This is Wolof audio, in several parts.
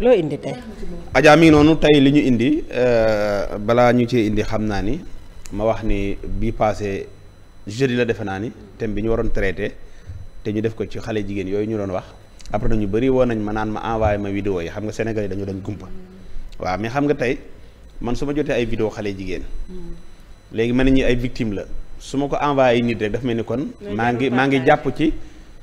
loo indi tey. Adja mi ngi noonu tey li ñu indi euh, balaa ñu ci indi xam naa ni ma wax ni bii passé jeudi la defe naa ni thème bi ñu waroon traité te ñu def ko ci xale jigéen yooyu ñu doon wax après ñu bëri woon nañ ma naan ma envoyé ma vidéo yi xam nga Sénégal yi dañu dañ gumpa waaw mais xam nga tey man su ma jotee ay vidéo xale jigéen léegi ma ne ñi ay victime la su ma ko envoyé nit rek daf mel ni kon maa ngi maa ngi jàpp ci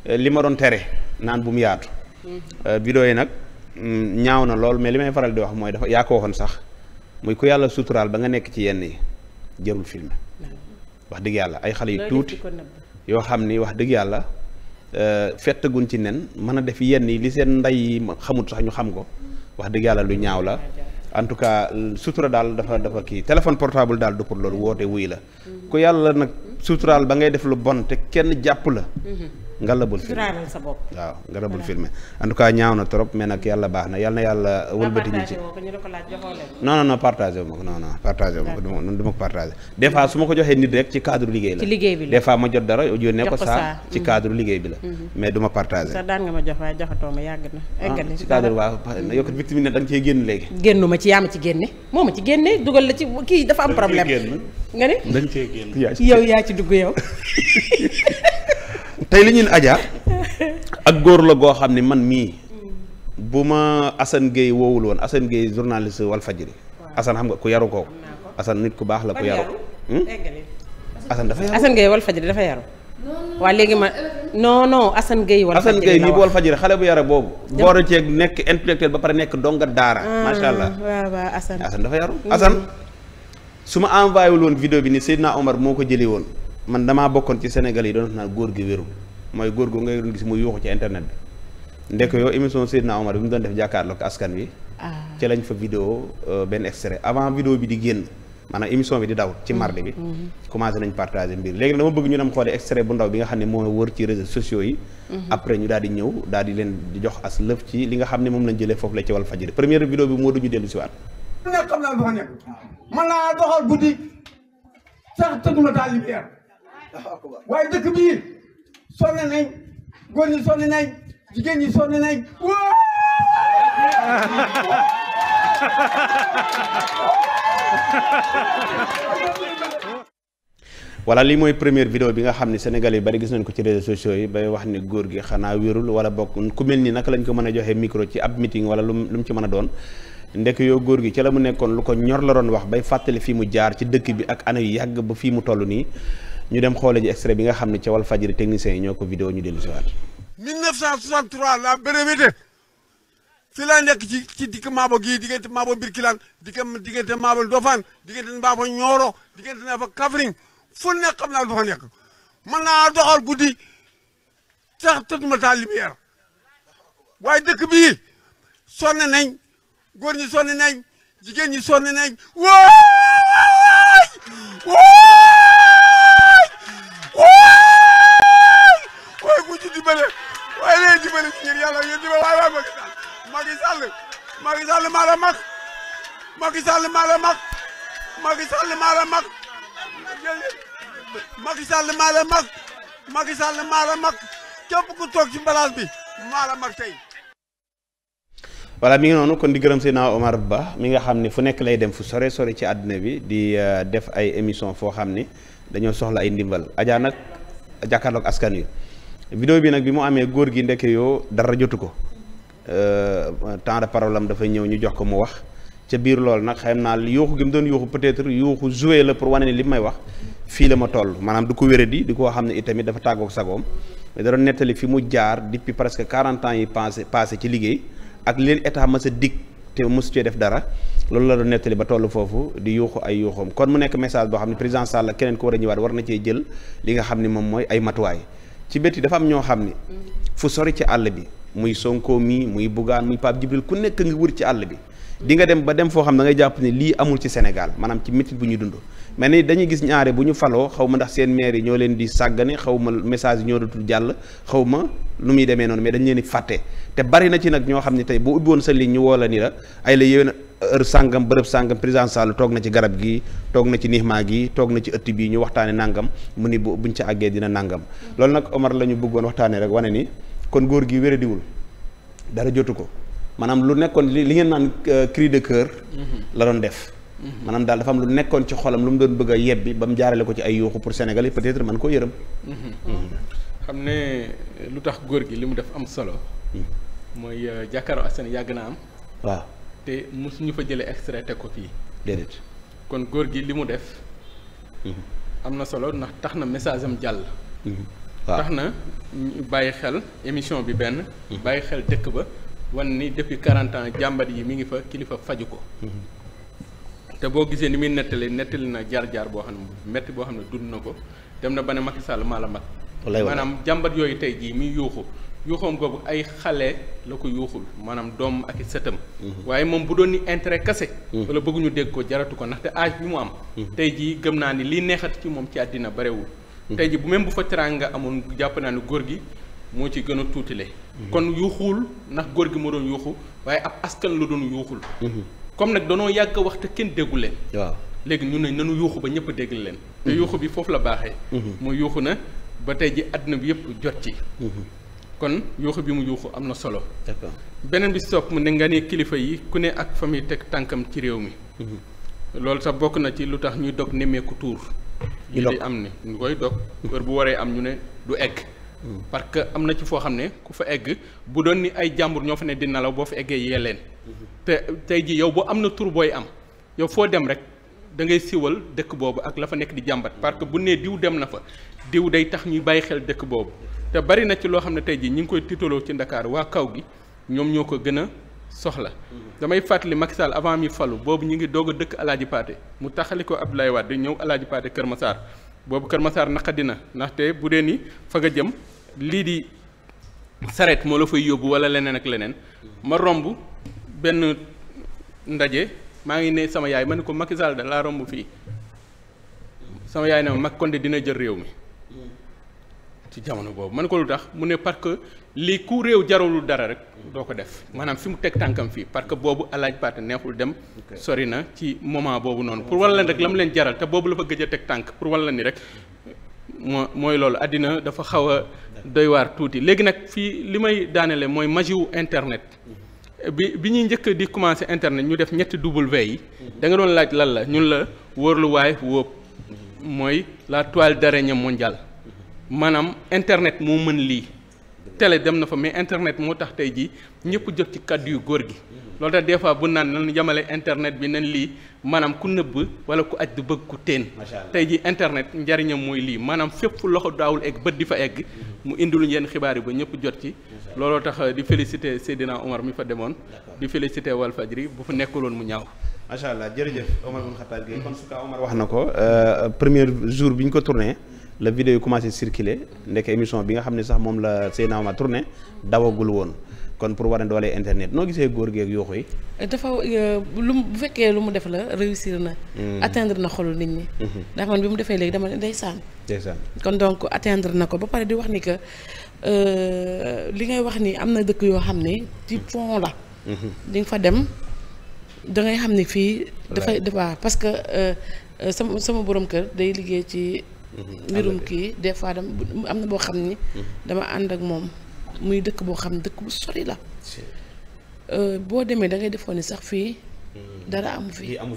euh, li ma doon tere naan bu mu yaatu mm-hmm. euh, yi nag ñaaw na lool mais li may faral di wax mooy dafa yaa ko waxoon sax muy ku yàlla suturaal ba nga nekk ci yenn yi jërul film wax dëgg yàlla ay xale yu tuuti yoo xam ni wax dëgg yàlla euh, fettaguñ ci nen mën a def yenn yi li seen ndey yi xamut sax ñu xam ko wax dëgg yàlla lu ñaaw la en tout cas sutura daal dafa dafa kii téléphone portable daal du pour loolu woote wuy la mhm. ku yàlla nag suturaal ba ngay def lu bon te kenn jàpp la mhm. ngalabul filmé sa bopp waaw ngalabul filmé en cas ñaaw na trop mais nag yàlla baax na yàlla na yàlla wëlbati ñu ci non non non partagé wu ma ko non non partagé wu ma su ma ko joxee nit rek ci cadre liggéey la ci liggéey bi la des fois ma jot dara yónnee saa ci mm-hmm. cadre liggéey bi la mm-hmm. mais du ma partagé sa daan ma jox waaye joxatoo ma yàgg na ah, eggali ci cadre waaw yokkat victime ne da nga génn léegi génnu ma ci yaa ma ci génne moo ma ci génne dugal la ci kii dafa am problème nga ne dañ cee génn yaa ci dugg yow tey li ñuy Adja ak góor la goo xam ne man mii bu ma Assane géey woowul woon Assane Gueye journaliste Walfadjri Assane xam nga ku yaru ko Assane nit ku baax la ku yaru hmm? Assane dafa yaru Assane Gueye dafa yaru waa léegi ma non non Assane Gueye wal Assane Gueye nii bu wal fajiri xale bu yara boobu boora ceeg nekk intellectuel ba pare nekk donga daara ah, macha allah waaw waaw Assane Assane dafa yaru mm. Assane su ma envoyé woon vidéo bi ni Seydina Omar moo ko jëli woon man damaa bokkoon ci Sénégal yi doon naan góor gi wérul mooy góor gu ngay doon gis muy yuuxu ci internet bi ndek yow émission Seydina Omar bi mu doon def jàkkaarloog askan wi. Ah. ci lañ fa vidéo euh, benn extrait avant vidéo bi di génn maanaam émission bi di daw ci mardi bi. Mm-hmm. Mm-hmm. commencé nañ partagé mbir léegi dama bëgg ñu dem xoolee extrait bu ndaw bi nga xam ne moo wër ci réseaux sociaux yi. Mm-hmm. après di ñëw daal di leen di jox as lëf ci li nga xam ne moom lañ jëlee foofu la ci wal fajiri première vidéo bi moo du ñu dellu si waat. nekk xam doxal guddi sax tëdduma daal waaye dëkk bii. sonn li mooy première vidéo bi nga xam ne Sénégal yi bari gis nañ ko ci réseaux sociaux yi bay wax ni góor gi xanaa wérul wala bokk ku mel ni naka lañ ko mën a joxe micro ci ab meeting wala lu lu mu ci mën a doon ndekk yoo góor gi ci la mu nekkoon lu ko ñor la doon wax bay fàttali fii mu jaar ci dëkk bi ak ana yu yàgg ba fii mu toll nii ñu dem xoole ji extrait bi nga xam ne ca wal fajiri techniciens yi ñoo ko vidéo ñu dellu si waat 1963 la breveté fi laa nekk ci ci dikk maabo gii diggante maabo Birkilaan diggante diggante maabo Ndofaan diggante maabo Ñooro diggante naa fa Kaffrine fu nekk xam naa du fa nekk mën naa doxal guddi sax tëdduma taal lumière waaye dëkk bii sonn nañ góor ñi sonn nañ jigéen ñi sonn nañ jubale waaye leen jubale ci ngir yàlla ngeen jubale waaye waaye Macky Sall maa la mag Macky maa la mag képp ku toog ci mbalaas bi maa la mag tey voilà mi ngi noonu kon di gërëm Seydina Omar Ba mi nga xam ne fu nekk lay dem fu sore sore ci àddina bi di euh, def ay émission foo xam ni dañoo soxla ay ndimbal Adja nag jàkkaarloog askan wi vidéo bi nag bi mu amee góor gi ndeke yoo dara jotu ko euh, temps de parole am dafay ñëw ñu jox ko mu wax ca biir loolu nag xam naa yuuxu gi mu doon yuuxu peut-être yuuxu joué la pour wane ni li may wax fii la ma toll maanaam du ko wéradi di ko xam ne itamit dafa tàggoog sagoom da doon nettali fi mu jaar depuis presque quarante ans yi passé passé ci liggéey ak leen état ma sa dig te mosu cee def dara loolu la doon nettali ba toll foofu di yuuxu ay yuuxoom kon mu nekk message boo xam ne président Sall keneen ko war a war na cee jël li nga xam ne moom mooy ay matuwaay ci yi dafa am ñoo xam ni fu sore ci àll bi muy Sonko mii muy Bougane muy Pape Djibril ku nekk ngi wër ci àll bi di nga dem ba dem foo xam da ngay jàpp ne lii amul ci Sénégal maanaam ci métit bu ñu dund mais ni dañuy gis ñaare bu ñu faloo xaw ma ndax seen maire yi ñoo leen di sàggane xaw ma message yi ñoo dootul jàll xaw ma lu muy demee noonu mais dañu leen di fàtte te barina ci nag ñoo xam ne tey bu ubbi woon sa lii ñu woo ni la ay la yéwén heure sàngam bërëb sàngam président Sall toog na ci garab gi toog na ci nixmaa gi toog na ci ëtt bii ñu waxtaane nangam mu ni bu buñ ca àggee dina nangam loolu nag Omar la ñu bëggoon waxtaane rek wane ni kon góor gi wéradiwul dara jotu ko maanaam lu nekkoon li ngeen naan euh, cri de cœur mhm. la doon def mhm. maanaam daal dafa am lu nekkoon ci xolam lu mu doon bëgg a yebbi ba mu jaarale ko ci ay yuuxu pour Sénégal yi peut-être man koo yërëm mhm. xam ne lu tax góor gi li mu def am solo mooy euh, jàkkaaroo askan yàgg na am waaw te mosuñu fa jëlee extrait teg ko fii déedéet kon góor gi li mu def am na solo ndax tax na message am jàll waaw tax na bàyyi xel émission bi benn bàyyi xel dëkk ba wan ni depuis quarante ans jàmbat yi mi ngi fa kilifa faju ko te boo gisee ni muy nettali nettali na jaar-jaar boo xam ne métti boo xam ne dund na ko dem na ba ne Macky Sall maa la mag maanaam jàmbat yooyu tey jii muy yuuxu yuuxoom googu ay xale la ko yuuxul maanaam doom ak i sëtam mhm. waaye moom bu doon ni intere kase mhm. wala bëgguñu dégg ko jaratu ko ndaxte âge bi mu am mhm. tey jii gëm naa ni liy neexat ci moom ci àddina barewul tey ji bu même bu fa teraanga amoon jàpp naa ni góor gi moo ci gën a tuutile kon yuuxul ndax góor gi moo doon yuuxu waaye ab askan la doon yuuxul mhm. comme nag danoo yàgg wax te kenn déggu waaw léegi ñu ne nanu yuuxu ba ñëpp dégg leen te mhm. yuuxu bi foofu la baaxee mooy mhm. yuuxu na ba tey ji àdduna bi yëpp jot ci kon yuuxu bi mu yuuxu am na solo beneen bi sopp mu ne nga ne kilifa yi ku ne ak fa muy teg tànkam ci réew mi loolu sax bokk na ci lu tax ñuy dog nemmeeku tuur yi am ni ñu koy dog kër bu waree am ñu ne du egg parce que am na ci foo xam ne ku fa egg bu doon ni ay jàmbur ñoo fa ne di nelaw boo fa eggee yee leen. te tey jii yow bu am na tur booy am yow foo dem rek da ngay siwal dëkk boobu ak la fa nekk di jàmbat parce que bu nee diw dem na fa diw day tax ñu bàyyi xel dëkk boobu te bari na ci loo xam ne tey jii ñu ngi koy tiitaloo ci Ndakaar waa kaw gi ñoom ñoo ko gën a soxla. damay fàttali Macky Sall avant mi falu boobu ñu ngi doog a dëkk Alaaji Paate mu taxali ko Abdoulaye Wade ñëw Alaaji Paate Kër Massar boobu Kër Massar naqadi na ndaxte bu dee ni fa nga jëm lii di saret moo la fay yóbbu wala leneen ak leneen ma romb benn ndaje maa ngi ne sama yaay ma ne ko Macky Sall laa romb fii sama yaay na ma Macky kon dina jël réew mi ci jamono boobu ma ne ko lu tax mu ne parce que lii ku réew jaralul dara rek doo ko def maanaam fi mu teg tànkam fii parce que boobu alaaj paate neexul dem sori na ci moment boobu noonu pour wala rek la mu leen jaral te boobu la fa gëj a teg tànk pour la ni rek moo mooy loolu àddina dafa xaw a doy tuuti léegi nag fii li may daanele mooy magie wu internet bi bi ñuy njëkk di commencé internet ñu def ñetti W yi da nga doon laaj lan la ñun la World Wide Web mooy la toile d'araignée mondiale maanaam internet moo mën lii tele dem na fa mais internet moo tax tey jii ñëpp jëf ci kàddu yu góor gi loolu tax des fois bu naan na nu yamale internet bi nan lii maanaam ku nëbb wala ku aj du bëgg ku teen tey jii internet njariñam mooy lii maanaam fépp fu loxo daawul egg bët di fa egg mu indiluñ yenn xibaar yi ba ñëpp jot ci looloo tax di félicité Seydina Omar mi fa demoon di félicité Walfadjri bu fa nekkuloon mu ñaaw macha allah jërëjëf Omar Mountakha Gueye kon su ka Omar wax na ko euh, premier jour bi ñu ko tourné la vidéo yi commencé circuler ndekk émission bi nga xam ne sax moom la Seydina Omar tourné dawagul woon kon pour war a doole internet noo gisee góor gi ak yooxu yi. dafa euh, lu mu bu fekkee lu mu def la réussir na. Hmm. atteindre na xolu nit ñi. Hmm. ndax man bi mu defee léegi dama ne ndeysaan. ndeysaan kon donc atteindre na ko ba pare di wax ni que euh, li ngay wax ni am na dëkk yoo xam ne ci fond la. Hmm. di nga fa dem da xam ne fii. dafay dafa parce que euh, sama sama boroom kë day liggéey ci. mbirum kii des fois dama am na boo xam ni. Mm-hmm. dama ànd ak moom muy dëkk boo xam dëkk bu sori la. Euh, boo demee da ngay defoon ni sax fii. Mm-hmm. dara amu fi lii amu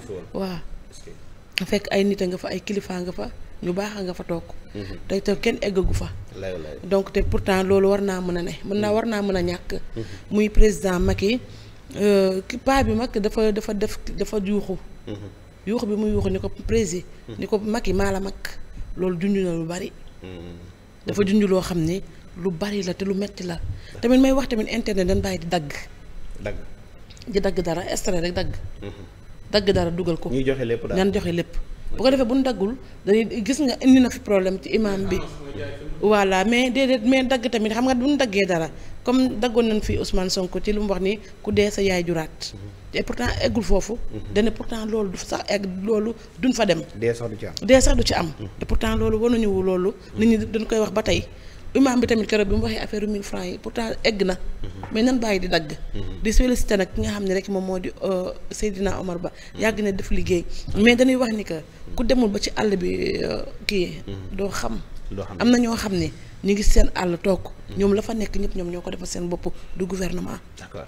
fekk ay nit a nga fa ay kilifaa nga fa ñu baax a nga fa toog. Mm-hmm. te te kenn eggagu fa. donc te pourtant loolu war naa mën a ne mën naa war naa mën a ñàkk. muy président Macky euh, ki paa bi mag dafa dafa def dafa yuuxu. yuuxu bi mu yuuxu ni ko président. ni ko Macky maa la mag. loolu junj na lu bari. Mm-hmm. dafa junj loo xam ne lu bari la te lu metti la. tamit may wax tamit internet dañ bàyyi di dagg. di dagg dara extrait rek dagg. Mm-hmm. dagg dara dugal ko. ñuy joxe lépp daal ñan joxe lépp. bu ko defee bu nu daggul dañuy gis nga indi na fi problème ci imam bi voilà mais déedéet mais dagg tamit xam nga bu daggee dara comme daggoon nañ fi Ousmane Sonko ci lu mu wax ni ku dee sa yaay juraat te pourtant eggul foofu dana pourtant loolu du sax egg loolu duñ fa dem dee sax du ci am te pourtant loolu ñëwu loolu nit ñi dañ koy wax ba tey imaam bi tamit keroog bi mu waxee affaire mille francs yi pourtant egg na mhm. mais nan bàyyi di dagg mhm. di félicité nag ki nga xam ne rek moom moo di euh, Seydina Omar Ba yàgg na def liggéey mais dañuy wax ni que ku demul ba ci àll bi euh, kii mhm. doo xam am na ñoo xam ne ñu ngi seen àll toog ñoom la fa nekk ñëpp ñoom ñoo ko defal seen bopp du gouvernement d'accord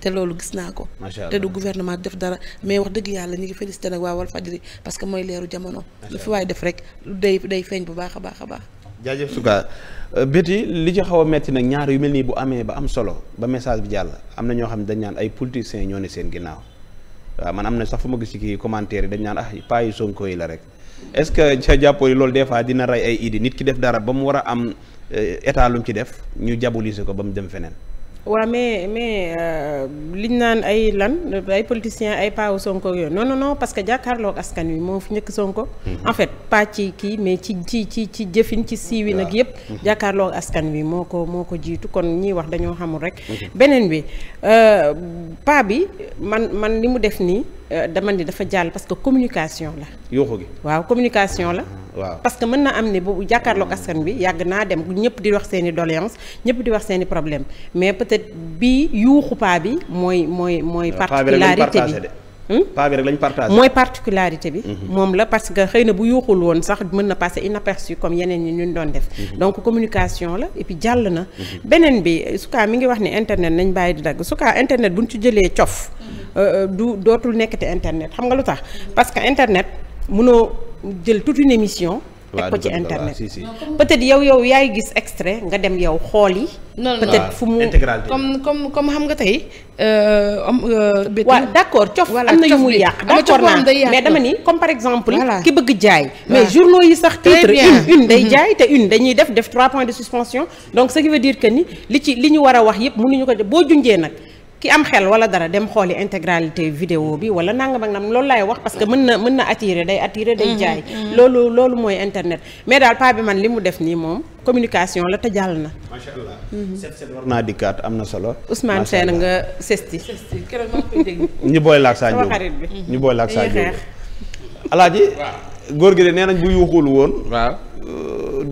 te loolu gis naa ko te du gouvernement def dara mais wax dëgg yàlla ñu ngi félicité nag waa Walfadjri parce que mooy leeru jamono lu fi waaye def rek day day feeñ bu baax a baax a baax jaajëf suka euh, béti li ci xaw a metti nag ñaar yu mel nii bu amee ba am solo ba message bi jàll am na ñoo xam ne dañ naan ay politiciens ñoo ne seen ginnaaw waaw man am na sax fu ma gis ci kii commentaire yi dañ naan ah pas yu sonko yi la rek est-ce que ca jàppoo yi loolu des fois dina rey ay idée nit ki def dara ba mu war a am euh, état lu mu ci def ñu diaboliser ko ba mu dem feneen waaw mais mais euh, liñ naan ay lan ay politiciens ay paawu Sonko yooyu noonu non non parce que jàkkaarloog askan wi moo fi njëkk Sonko. Mhm. en fait pas ci kii mais ci ci ci ci jëfin ci siiwi nag yëpp. Mhm. jàkkaarloog askan wi moo ko moo ko jiitu kon ñiy wax dañoo xamul rek. beneen bi euh, paa bi man man li mu def nii. Euh, dama ni dafa jàll parce que communication la. yuuxu gi waaw communication la. Mm, waaw parce que mën na am ne bu jàkkaarloog askan bi yàgg naa dem ñëpp di wax seeni i doléance ñëpp di wax seeni problème mais peut-être bi yuuxu paa bi mooy mooy mooy particularité bi Hmm? paa bi rek lañ partagé. mooy particularité bi. Mhm. moom la parce que xëy na bu yuuxul woon sax mën na passer inaperçu comme yeneen ñi ñu doon def. Mhm. donc communication la et jàll na. Mhm. beneen bi su kaa mi ngi wax ni internet nañ bàyyi di dagg su kaa bu buñ ci jëlee cof. Euh, euh, du dootul nekkati internet xam nga lu tax parce que internet munoo jël toute une émission. teg ko ci internet peut-être yow yow yaay gis extrait nga dem yow xool yi peut-être fu mu comme comme comme xam nga tey waaw euh, euh, d'accord cof am na yu muy yàq d'accord naa mais dama ni comme par exemple ki bëgg jaay mais journaux yi sax titre une une day mhm. jaay te une dañuy def def trois points de suspension donc ce qui veut que ni li ci li ñu war a wax yëpp mënuñu ko def boo junjee nag ki am xel wala dara dem xooli intégralité vidéo bi wala nangam ak nam loolu laay wax parce que mën na mën na attirer day attirer day mhm, jaay mhm. loolu loolu mooy internet mais daal paa bi man li mu def nii moom communication la te jàll na. macha allah. Mhm. set set am na solo. Ousmane Sène nga sesti. sesti keroog maa ngi koy dégg. ñu boole ak Sadio xarit bi ñu boole ak Sadio. alaaji góor gi de nee nañ bu yuuxul woon waaw.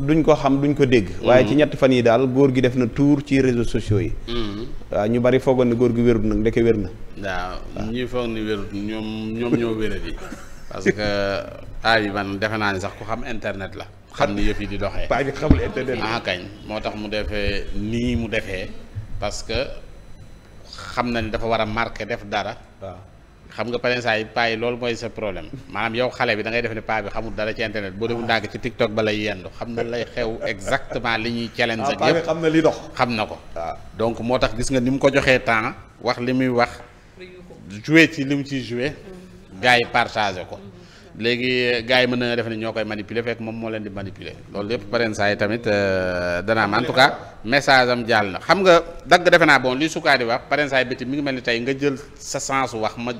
duñ ko xam duñ ko dégg. Mm-hmm. waaye ci ñetti fan yi daal góor gi def na tour ci réseaux sociaux yi. Mm-hmm. waaw ñu bari foogoon ne góor gi wérut nag ndeke wér na. waaw ñi foog ni wérut ñoom ñoom ñoo wéradi parce que aay ah, bi man defe naa ni sax ku xam internet la. xam ni yëpp yi di doxee. paa bi xamul internet ah kañ moo tax mu defee nii mu defee parce que xam na ni dafa war a marqué def dara. waaw. xam nga parensaa yi paa loolu mooy sa problème maanaam yow xale bi da ngay def ne paa bi xamul dara ci internet boo deful ndànk ci tiktok ba lay yendu xam na lay xew exactement li ñuy challenge ak ah, yëpp xam na li dox xam na ko ah. donc moo tax gis nga ni mu ko joxee temps wax li muy wax joué ci li mu ci joué gars yi partagé ko léegi eh, gars yi mën na defe ne ñoo koy manipuler fekk moom moo leen di manipuler loolu lépp pareen saa yi tamit euh, dana am en tout cas message am jàll na xam nga dagg defe naa bon li sukaa di wax pareen saa yi béti mi ngi mel ni tey nga jël sa sens wax ma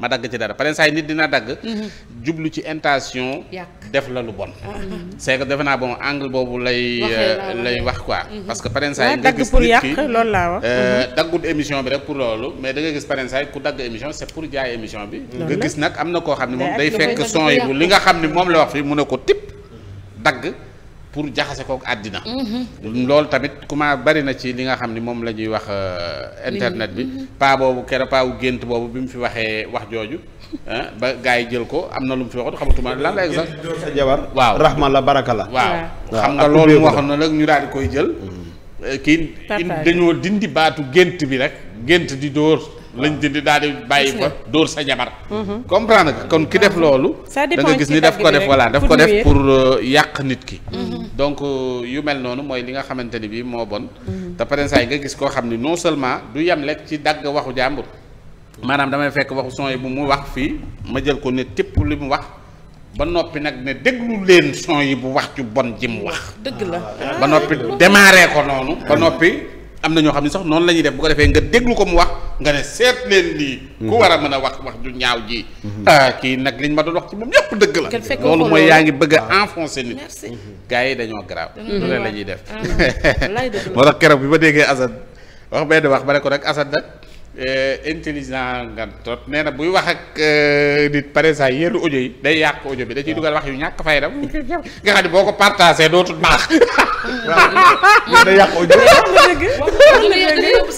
ma dagg ci dara pare saa yi nit dina dagg. Mhm. jublu ci intention. def la lu bon. Ah. Mhm. c'est defe naa bon angle boobu lay. Euh, lay wax quoi. Mhm. parce que pare saa yi nga gis nit ki loolu laa wax. Euh, daggul émission bi rek pour loolu mais da nga gis pare saa ku dagg émission c'est pour jaay émission bi. nga gis nag am na koo xam ne moom day fekk son li nga xam ne moom la wax fii mu ne ko tip dagg. pour jaxase kook àddina mhm. lool tamit kuma bari na ci li nga xam ni moom la ñuy wax euh, internet bi mhm. mhm. pa boobu kera paawu gént boobu bi mu fi waxee wax jooju ba gars yi jël ko am na lu mu fi waxut xamatuma lan la exact sa jabar waaw rahma la baraka la waaw xam nga loolu mu waxoon na nag ñu daal di koy jël euh, kii dañoo dindi baatu gént bi rek gént di dóor lañ dindi daal di bàyyi fa dóor sa jabar mhm. comprendre nga kon ki def loolu da nga gis ni daf ko def voilà daf ko def pour euh, yàq nit ki mhm. donc euh, yu mel noonu mooy li nga xamante ni bii moo bon mhm. te pareensaay nga gis koo xam ni non seulement du yem lekk ci dagg waxu jàmbur maanaam damay fekk waxu son yi bu mu wax fii ma jël ko ne tipp li mu wax ba noppi nag ne déglu leen son yi bu wax ci bon ji mu wax dëgg la ba noppi ah. démarré ko noonu ba noppi am na ñoo xam ne sax noonu lañuy ñuy def bu ko defee nga déglu ko mu wax nga ne seet leen lii. ku mhm. war a mën a wax wax ju ñaaw ji. Mhm. ah kii nag liñ ma doon wax ci moom yëpp dëgg la. loolu mooy yaa ngi bëgg a enfoncé nit. Mhm. gars yi dañoo garaaw. lu ne la ñuy def. Ah, moo tax keroog bi ma déggee Assane wax benn wax ba ne ko rek Assane nag. Euh, intelligent nga tot nee na buy wax ak euh, nit par exemple yi day yàq bi da ciy dugal wax yu ñàkk fayda nga xam boo ko partagé dootul baax. waaw day yàq audio. wala li mu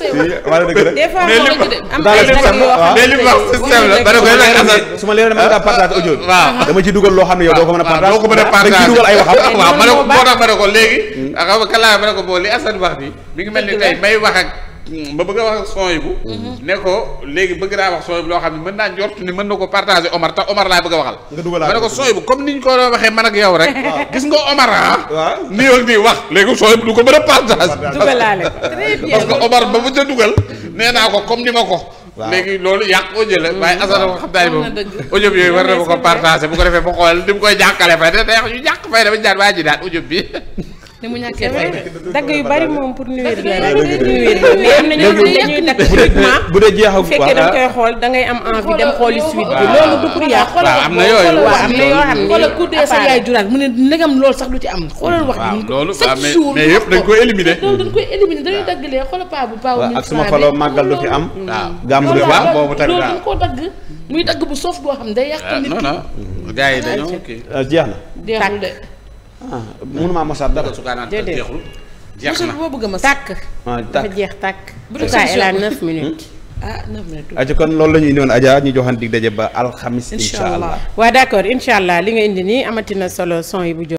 système la ba da koy nag su ma leen mën nga partage audio bi. dama ci dugal loo xam ne yow doo ko mën a partage. doo ko a partage dañ ci dugal ay waxam. waaw ma ne ko boo tax ma ko léegi. xam nga kalaay ma ne ko mm. ah, boo li Assane wax bi mi ngi mel ni tey may wax ak. ma bëgg a wax ak sooy bu mhm. ne léegi bëgg naa wax sooy bu loo xam ne mën naa njort ni mën na ko partagé Omar te Omar laa bëgg a waxal ma ne ko sooy bu comme niñ ko waxee man ak yow rek gis nga Omar ah nii ak nii wax léegi sooy bu du ko mën a partagé parce que Omar ba mu ca dugal nee naa ko comme ni ma ko léegi loolu yàq audio la mhm. waaye asana ko xam daal moom audio bi yooyu war na ko partagé bu ko defee ba xool di mu koy ni mu ñàkkee fay dagg yu bari moom pour nuyu la rek nuyu la mais am na bu dee jeexagul fekkee da xool da am envie dem xooli suite bi loolu du am na yooyu am na yoo xam sa yaay mu ne ndegam lool sax lu ci am xoolal wax bi loolu chaque jour yëpp dañ koy éliminer loolu dañ koy éliminer dañuy daggalee xoolal paa bu paa ak suma faloo màggal du fi am mm. waaw gàmm du fi am boobu tamit loolu dañ dagg muy dagg bu soof boo xam day yàq ah, nit non non yi dañoo ah, jeex na ah mënumaa mosaat dara. déedéet jeex na boo bëgg a mos. tàkk ah, dafa jeex tàkk. bu dee solution bi en tout cas elle a 9 minutes. Hmm? ah 9 minutes. aja kon loolu la ñuy indiwoon Adja ñu joxan dig daje ba alxamis. incha allah waaw d' accord incha allah li nga indi nii amatina solo son yi bu jóg.